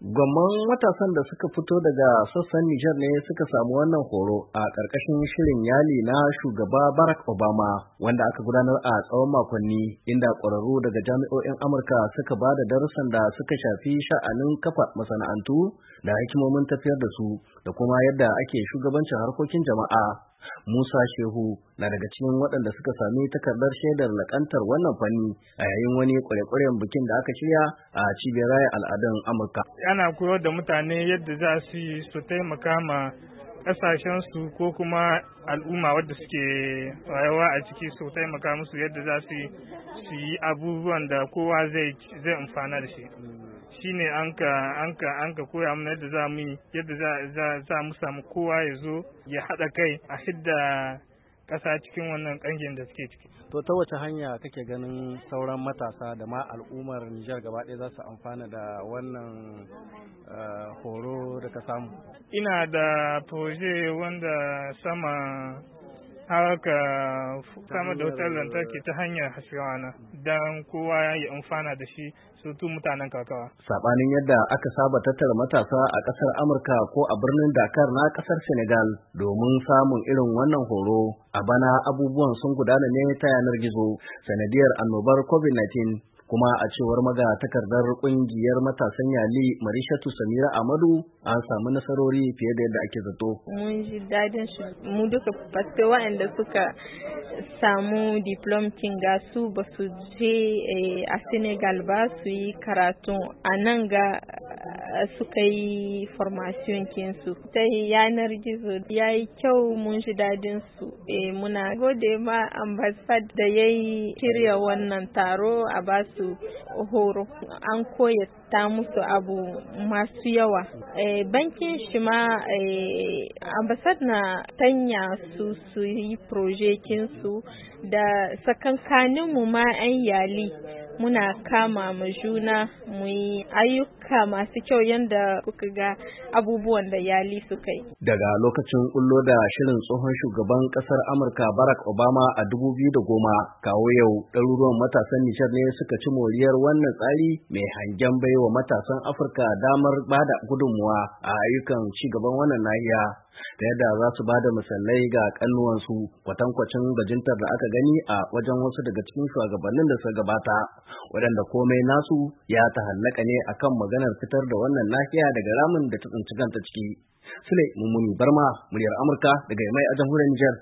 Gwamman matasan da suka fito daga sassan Nijar ne suka samu wannan horo a ƙarƙashin shirin yali na shugaba Barack Obama wanda aka gudanar a tsawon makonni inda ƙwararru daga jami'o'in Amurka suka ba da darussan da suka shafi sha'anin kafa masana'antu da hikimomin tafiyar da su da kuma yadda ake shugabancin harkokin jama'a. Musa Shehu na daga cikin waɗanda suka sami takardar shaidar lakantar wannan fanni a yayin wani kwarekwaren bikin da aka shirya a cibiyar raya al'adun Amurka. Ana koyar da mutane yadda za su yi su taimaka ma ƙasashensu ko kuma al'umma wadda suke rayuwa a ciki su taimaka musu yadda za su yi abubuwan da kowa zai amfana da shi. shine ne ka an ka koya mana yadda za mu yadda za mu samu kowa ya zo ya haɗa kai a hidda ƙasa cikin wannan ƙangin da suke ciki. To ta wace hanya kake ganin sauran matasa da ma al'ummar Nijar gaba ɗaya za su amfana da wannan eh, horo da ka samu? Ina da proje wanda sama haka samar da wutar lantarki ta hanyar hasken na, don kowa ya yi amfana da shi su tu mutanen kakawa. Sabanin yadda aka saba tattara matasa a ƙasar Amurka ko a birnin Dakar na ƙasar Senegal domin samun irin wannan horo a bana abubuwan sun gudana ne ta yanar gizo sanadiyar annobar COVID-19 kuma a cewar maga takardar kungiyar matasan yali marishatu samira amadu an samu nasarori fiye da yadda ake zato mun ji dadin shi mu duka fasto waɗanda suka samu diplom ga su ba su je eh, a senegal ba su yi karatu a nan ga suka yi formation kinsu ta yanar gizo ya yi kyau mun ji dadin su e, eh, muna gode ma ambassad da ya yi shirya wannan taro a basu horo an koya ta musu abu masu yawa eh bankin shi ma eh ambassad na tanya su su yi su da sakankaninmu ma 'yan yali muna kama mu juna mu yi ayyuka masu kyau yadda kuka ga abubuwan da yali suka yi. Daga lokacin kullo da shirin tsohon shugaban kasar Amurka Barack Obama a dubu biyu da goma kawo yau ɗaruruwan matasan Nijar ne suka ci moriyar wannan tsari mai hangen baiwa matasan Afirka damar bada gudunmuwa a ayyukan ci gaban wannan nahiya. da yadda za su ba da misalai ga kannuwansu kwatankwacin bajintar da aka gani a wajen wasu daga cikin shugabannin da suka gabata waɗanda komai nasu ya ta hallaka ne a kan maganar fitar da wannan lafiya daga ramin da ta tsinci kanta ciki sule mummuni barma muryar amurka daga mai a jamhuriyar nijar